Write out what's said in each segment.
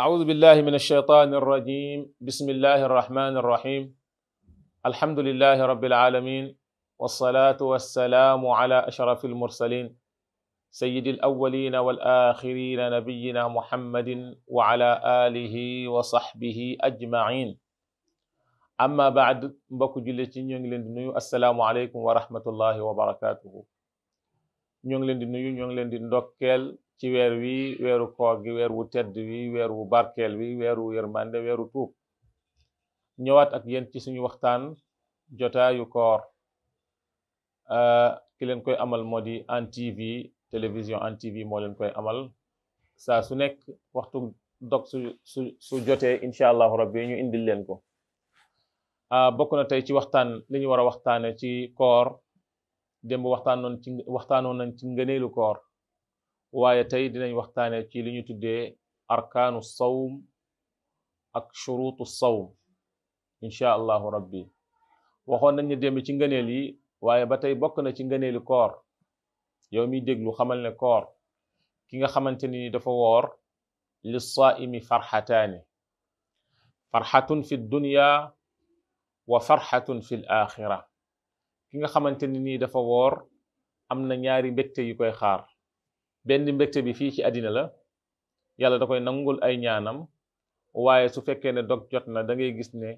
أعوذ بالله من الشيطان الرجيم بسم الله الرحمن الرحيم الحمد لله رب العالمين والصلاة والسلام على أشرف المرسلين سيد الأولين والآخرين نبينا محمد وعلى آله وصحبه أجمعين أما بعد مبكو جلتي نيو السلام عليكم ورحمة الله وبركاته ñoo ngi leen di nuyu ñoo ci wèr wi wèru koor gi weer wu tedd wi weer wu wi weeru yermande wèru tuub ñëwaat ak yéen ci suñu waxtaan yu koor euh, ki leen koy amal moo di Hann TV télévision Hann TV moo leen koy amal Sa su nekk waxtu dog su su su jotee incha allahu rabbi ñu indil leen ko euh, bokk na tey ci waxtaan li ñu war a waxtaane ci koor démb waxtaanoon ci waxtaanoon nañ ci ngëneelu koor waye tay dinañ waxtane ci liñu tuddé tuddee sawm ak shuruutu sawm insha allah rabbi waxon nañu dem ci ngeenel yi waye ba tey bokk na ci ngeenel koor yow mi déglu xamal ne koor ki nga xamanteni dafa wor li saaimi farxataani farxatun fi dunya wa farhatun fi akhirah ki nga xamanteni ni dafa wor amna ñaari mbekté yu koy xaar benn mbégte bi fii ci àddina la yàlla da koy nangul ay ñaanam waaye su fekkee ne dog jot na da ngay gis ne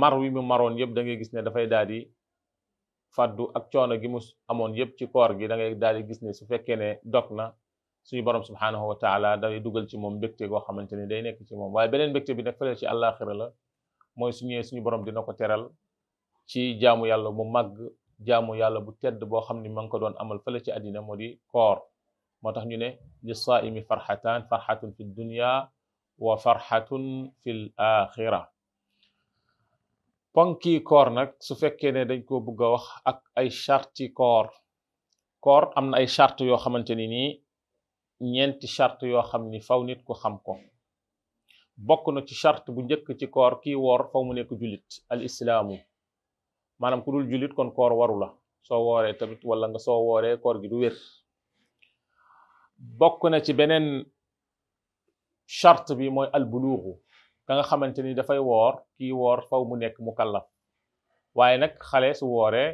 mar wi mu maroon yëpp da ngay gis ne dafay daal di fàddu ak coono gi mu amoon yëpp ci koor gi da ngay daal di gis ne su fekkee ne dog na suñu borom subhaanahu wa taala day dugal ci moom mbégte goo xamante ni day nekk ci moom waaye beneen mbégte bi nag fële ci àllaaxira la mooy su suñu borom dina ko teral ci jaamu yàlla mu màgg jaamu yàlla bu tedd boo xam ni ma ngi ko doon amal fële ci àddina moo di koor moo tax ñu ne li saimi farxatan farxatun fi dunya wa farxatun fi l axira ponki koor nag su fekkee ne dañ ko bëgg a wax ak ay charti koor koor am na ay charte yoo xamante ni nii ñeenti charte yoo xam ni faw nit ku xam ko bokk na ci charte bu njëkk ci koor ki woor faw mu nekk jullit al islaamu maanaam ku dul jullit kon koor waru la soo wooree tamit wala nga soo wooree koor gi du wér bokku na ci benen charte bi al bulugh ka nga xamanteni da fay wor ki wor faw mu nek mu waye nak nag xale su woré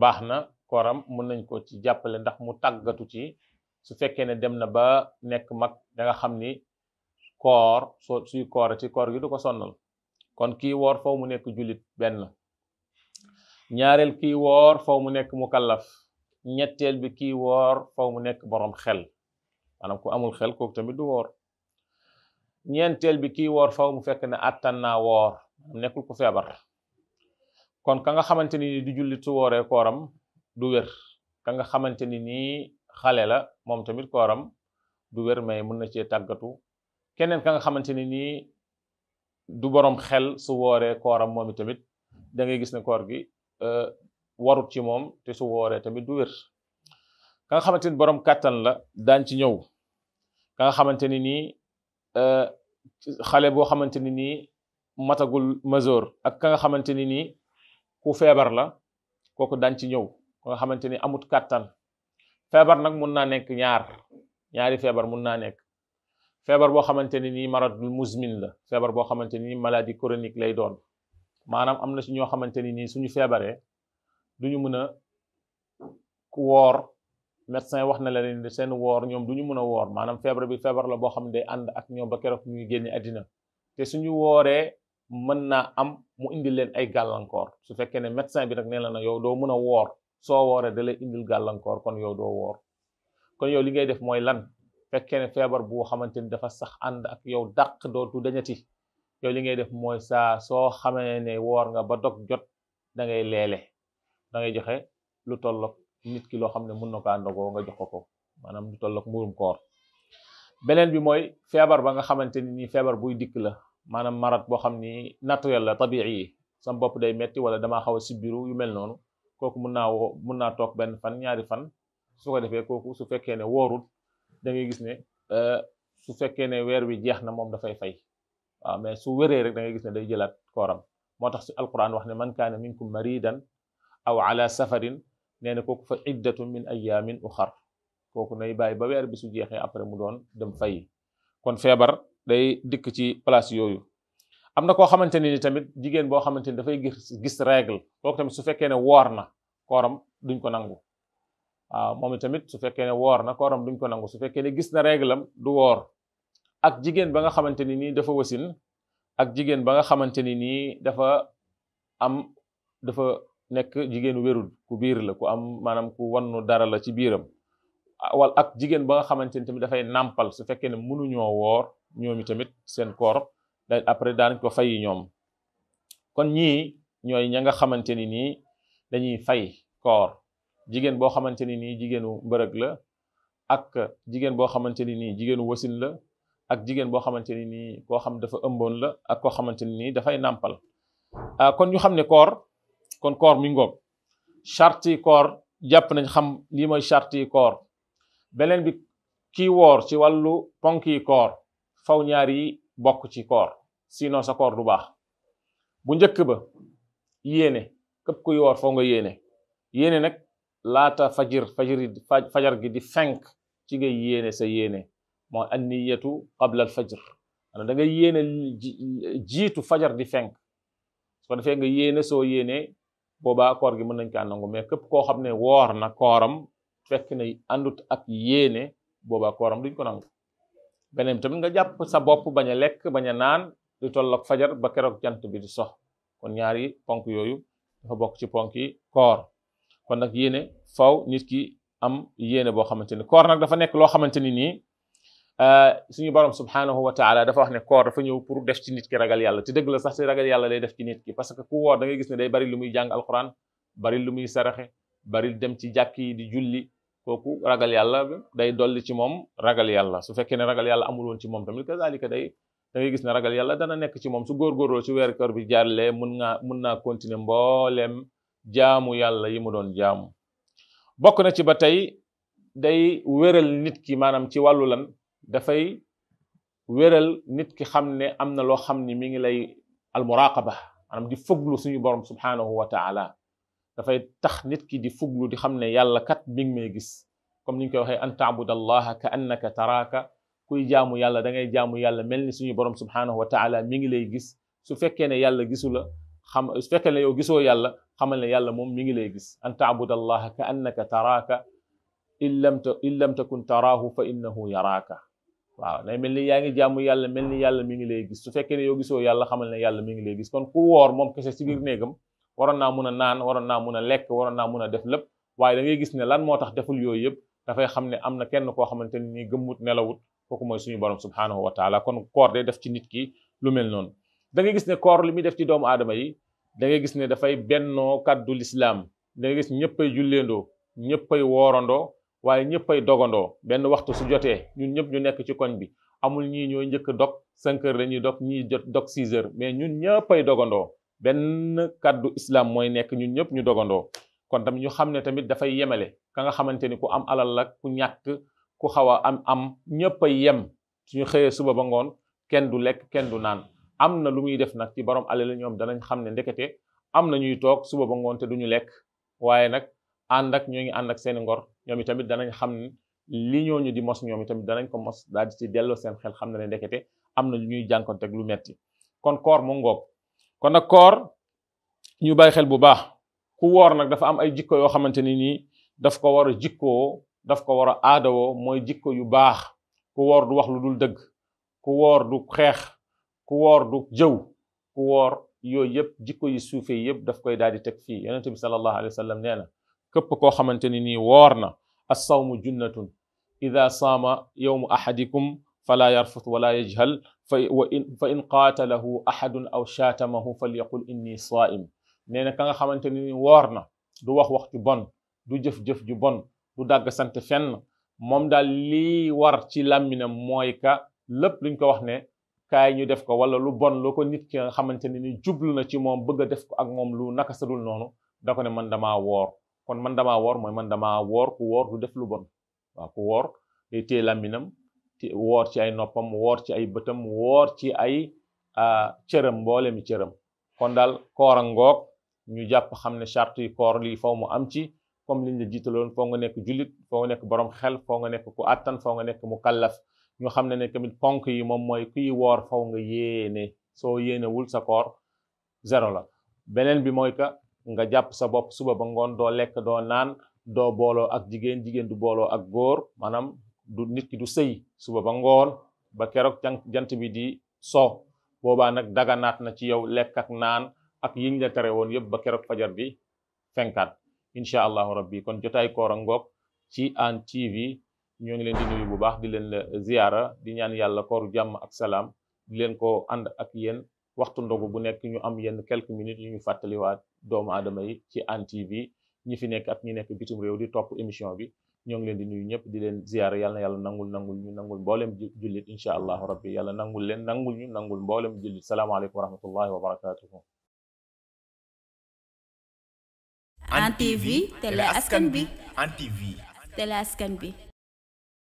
baxna koram mën nañ ko ci jappalé ndax mu tagatu ci su fekké né dem na ba nek mak da nga xamni koor suy ci koor gi du ko sonnal kon ki wor faw mu nek julit ben ñaarel ki wor faw mu nek mu ñettel bi ki wor faw mu nek borom xel maanaam ku amul xel kooku tamit du wor ñentel bi ki wor faaw mu fekk na atanna wor woor nekkul ku febar kon ka nga xamanteni ni du julli tu woré koram du wër ka nga xamanteni ni xalé la mom tamit koram du wër may mën na ci tagatu kenen ka nga xamanteni ni du borom xel su woré koram mom tamit da ngay gis ne koor gi euh warut ci mom te su woré tamit du wër ka nga xamanteni borom katan la daan ci ñew ka nga xamante ne nii xale boo xamante ne matagul majeur ak ka nga xamante ne nii ku feebar la kooku daan ci ñëw nga xamante amut kàttan feebar nag mun naa nekk ñaar ñaari feebar mun naa nekk feebar boo xamante ne maradul musmin la feebar boo xamante ni maladie chronique lay doon maanaam am ci ñoo xamante ni suñu feebaree duñu mën woor médecin wax na la leen ni seen woor ñoom duñu mëna mën a woor bi fièvre la bo xam ne day ànd ak ñoom ba keroog ñuy génne adina té suñu woré mën am mu indi leen ay gàllankoor su fekkee ne médecin bi nak nee la na yow doo mëna a woor soo wooree da lay indil gàllankoor kon yow doo woor kon yow li ngay def moy lan fekkee ne fièvre bu xamante dafa sax and ak yow do tu dañati yow li ngay def moy sa so xamé ne woor nga ba dog jot da ngay leele da ngay joxé lu tollok nit ki loo xam ne mun na ko àndagoo nga jox ko ko maanaam lu toll ak mburum koor beneen bi mooy feebar ba nga xamante ni nii feebar buy dikk la maanaam marat boo xam ni naturel la tabi'i yi sam bopp day metti wala damaa xaw a sibbiru yu mel noonu kooku mun na woo mun naa toog benn fan ñaari fan su ko defee kooku su fekkee ne woorul da gis ne euh, su fekkee ne weer wi jeex na moom dafay fay waaw mais su wéree rek da ngay gis ne day jëlaat kooram moo tax su alquran wax ne man kaana minkum maridan aw neena koku fa iddatu min ayamin ukhar koku nay bayi ba wer bi su après mu don dem fay kon febar day dik ci place yoyu amna ko xamanteni ni tamit jigen bo xamanteni da fay gis gis règle koku tamit su warna ne worna koram duñ ko nangu wa momi tamit su fekkee ne worna koram duñ ko nangu su ne gis na règle am du wor ak jigen ba nga xamanteni ni nii dafa wasin ak jigen ba nga xamanteni ni dafa am dafa nek jigen werul ku bir la ku am manam ku wannu dara la ci biram wal ak jigen ba nga xamanteni tamit da fay nampal su fekke ne ñoo wor ñoomi tamit sen koor da après daan ko fay ñom kon ñi ñoy ña nga xamanteni ni dañuy fay koor jigen bo xamanteni ni jigenu mbeureug la ak jigen bo xamanteni ni jigenu wasin la ak jigen bo xamanteni ni ko xam dafa ëmboon la ak ko xamanteni ni da fay nampal kon ñu xamne koor kon koor mi ngoog charte yi jàpp nañ xam lii mooy charte beneen bi kii woor ci wàllu ponk yi koor faw ñaar bokk ci koor sino sa koor du baax bu njëkk ba yéene këpp kuy woor faw nga yéene yéene nag laata fajir fajir fajar gi di fenk ci nga yéene sa yéene mooy anniyatu qabla al fajr da nga yéene jiitu fajar di fenk su ko nga yéene soo yéene boobaa koor gi mën nañ kaa nangu mais képp koo xam ne woor na kooram fekk na àndut ak yéene boobaa kooram duñ ko nangu beneen tamit nga jàpp sa bopp bañ a lekk bañ a naan di tolloog fajar ba keroog jant bi di sox kon ñaari ponk yooyu dafa bokk ci ponk yi koor kon nag yéene faw nit ki am yéene boo xamante ni koor nag dafa nekk loo xamante nii Euh, suñu borom subhaanahu wa taala dafa wax ne koor dafa ñëw pour def ci nit ki ragal yàlla te dëgg la sax te ragal yàlla lay def ci nit ki parce que ku woor da gis ne day dem ci jàkk yi di julli kooku ragal yàlla day dolli ci moom ragal yàlla su fekkee ne ragal yàlla amul woon ci moom tamit kazalika day da ngay gis ne ragal yàlla dana nekk ci moom su góorgóorloo ci weeru koor bi jaarlee mun naa mun naa continuer mbooleem jaamu yàlla yi mu doon jaamu bokk na ci ba tey day wéral nit ki maanaam ci wàllu lan dafay wéral nit ki xam ne am na loo xam ni mi ngi lay almuraqaba maanaam di fuglu suñu borom subhaanahu wa taala dafay tax nit ki di fuglu di xam ne yàlla kat mi ngi may gis comme ni ñu koy waxee an taabud allaha ka annaka taraaka kuy jaamu yàlla dangay ngay jaamu yàlla mel ni suñu borom subhaanahu wa taala mi ngi lay gis su fekkee ne yàlla gisu la xam gisoo yàlla xamal ne yàlla moom mi ngi lay gis an taabud allaha ka annaka taraaka in lam takun taraahu fa innahu yaraaka waaw day mel ni yaa ngi jàmm yàlla mel ni yàlla mi ngi lay gis su fekkee ne yow gisoo yàlla xamal ne yàlla mu ngi lay gis kon ku woor moom kese ci biir néegam waroon naa mun a naan waroon naa mun a lekk waroon naa mun a def lépp waaye da gis ne lan moo tax deful yooyu yëpp dafay xam ne am na kenn koo xamante ni gëmmut nelawut kooku mooy suñu borom subhaanahu wa taala kon koor day def ci nit ki lu mel noonu da ngay gis ne koor li muy def ci doomu aadama yi da gis ne dafay bennoo kàddu lislaam da ngay gis ñëppay julleendoo ñëppay woorandoo waaye ñëpp ay dogandoo benn waxtu su jotee ñun ñëpp ñu nekk ci koñ bi amul ñii ñooy njëkk dog cinq heures la ñuy dog ñii jot dog mais ñun ñëpp ay dogandoo benn kàddu islam mooy nekk ñun ñëpp ñu dogandoo kon tamit ñu xam ne tamit dafay yemale ka nga xamante ni ku am alal la ku ñàkk ku xaw a am am ñëpp ay yem ñu xëyee suba ba ngoon kenn du lekk kenn du naan am na lu muy def nag ci borom alal la ñoom danañ xam ne ndekkete am na ñuy toog suba ba ngoon te ñu lekk waaye nag andak ñoo ngi andak seen ngor ñoom itamit danañ xam li ñoo ñu di mos ñoom itamit danañ ko mos daal di ci delloo seen xel xam na ne ndekete am na ñuy jànkonteeg lu metti kon koor mu ngoog kon nag koor ñu bàyyi xel bu baax ku woor nag dafa am ay jikko yoo xamante ni nii daf ko war a daf ko war a aadawoo mooy jikko yu baax ku woor du wax lu dul dëgg ku woor du xeex ku woor du jëw ku woor yooyu yëpp jikko yi suufee yëpp daf koy daal di teg fii yonente bi sallallahu alayhi wa sallam képp koo xamante ne nii woor na assawmu junnatun ida saama yowmu ahadikum fala yarfut wala yajhal fa in qaatalahu ahadun aw shaatamahu falyaqul inni saaim nee na ka nga xamante ne ni woor na du wax wax ju bon du jëf-jëf ju bon du dàgg sant fenn moom daal lii war ci làmminam mooy ka lépp luñ ko wax ne kaay ñu def ko wala lu bon loo ko nit ki nga xamante ne ni jublu na ci moom bëgg a def ko ak moom lu naka sadul noonu da ko ne man damaa woor kon man dama wor moy man dama wor ku wor du def lu bon wa ku woor day laminam làmminam wor ci ay nopam wor ci ay beutam wor ci ay cëram mboole mi cëram kon dal koor ngok ñu japp xamne charte yi koor li faw mu am ci comme liñ la jiitaloon fo nga nek julit fo nga nek borom xel fo nga nek ku attan fo nga nek mu kallaf ñu xamne ne tamit ponk yi moom mooy kuy wor faw nga so yene wul sa koor zero la benen bi moy ka nga japp sa bop suba ba ngon do lek do nan do bolo ak jigen jigen du bolo ak gor manam du nit ki du sey suba ba ngon ba jant bi di so boba nag daganaat na ci yow lek ak nan ak yiñ la tere won yeb ba keroog fajar bi fenkat insha allah rabbi kon jotay ko rangok ci an TV ñu ngi leen di nuyu bu baax di leen la ziyara di ñaan yàlla kooru jam ak salam di leen ko and ak yeen waxtu ndogu bu nek ñu am yeen quelques minutes ñu fatali wad doomu adama yi ci Hann TV ñi fi nekk ak ñi nekk bitim réew di top émission bi ñoo ngi leen di nuyu ñëpp di leen ziyaara yàlla na yàlla nangul nangul ñu nangul mboolem jullit incha allahu rabbi yàlla nangul leen nangul ñu nangul mboolem jullit salaamaaleykum wa rahmatullahi wa barakatuhu Hann TV télé askan bi Hann TV télé askan bi